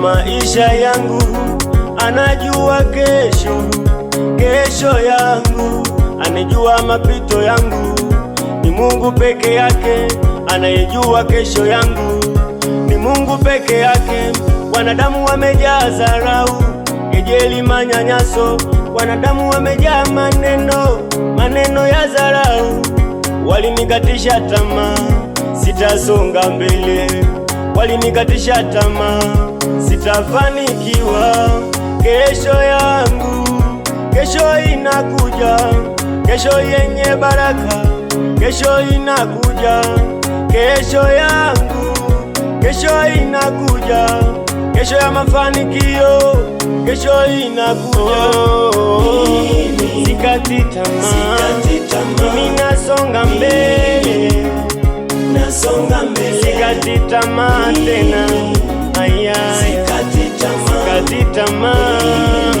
maisha yangu, anajua kesho, kesho yangu, anijua mapito yangu. Ni Mungu peke yake anayejua kesho yangu, ni Mungu peke yake. Wanadamu wamejaa dharau, kejeli, manyanyaso. Wanadamu wamejaa maneno, maneno ya dharau. Walinikatisha tamaa, sitasonga mbele, walinikatisha tamaa sitafanikiwa. Kesho yangu, kesho inakuja, kesho yenye baraka, kesho inakuja, kesho yangu, kesho inakuja, kesho ya mafanikio, kesho inakuja. Sikati tamaa, minasonga mbele, sikati tamaa tena Sikati tamaa,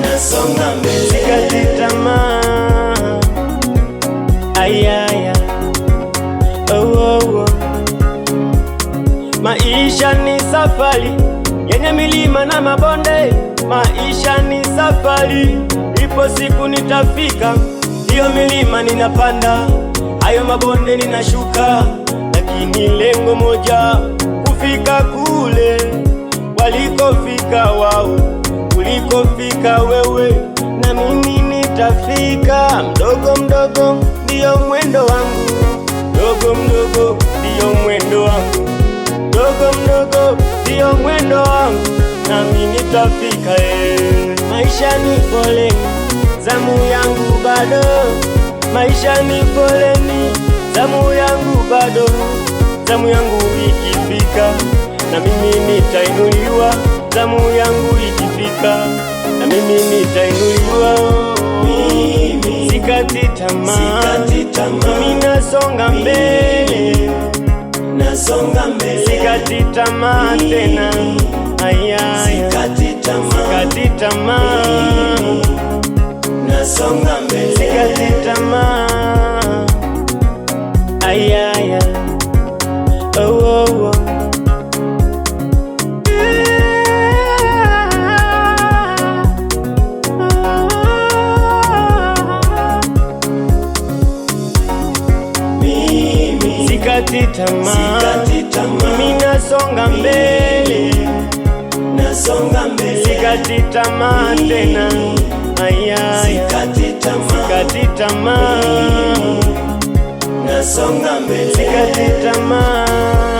nasonga mbele. Sikati tamaa, ayaya, oh, oh, oh. Maisha ni safari yenye milima na mabonde, maisha ni safari, ipo siku nitafika. Hiyo milima ninapanda, hayo mabonde ninashuka, lakini lengo moja kufika kule walikofika wao ulikofika wewe, na mimi nitafika. Mdogo mdogo ndiyo mwendo wangu, mdogo mdogo ndiyo mwendo wangu, mdogo mdogo ndiyo mwendo wangu, na mimi nitafika. Eh, maisha ni pole, zamu yangu bado, maisha ni pole, zamu yangu bado, zamu yangu ikifika na mimi nitainuliwa, damu yangu ikifika, na mimi nitainuliwa, Mimi sikati tamaa, sikati tamaa, mimi nasonga mbele, nasonga mbele, sikati tamaa tena, sikati tamaa, sikati tamaa, nasonga mbele Sikati tamaa, mimi nasonga mbele, sikati tamaa tena, aya, sikati tamaa, sikati tamaa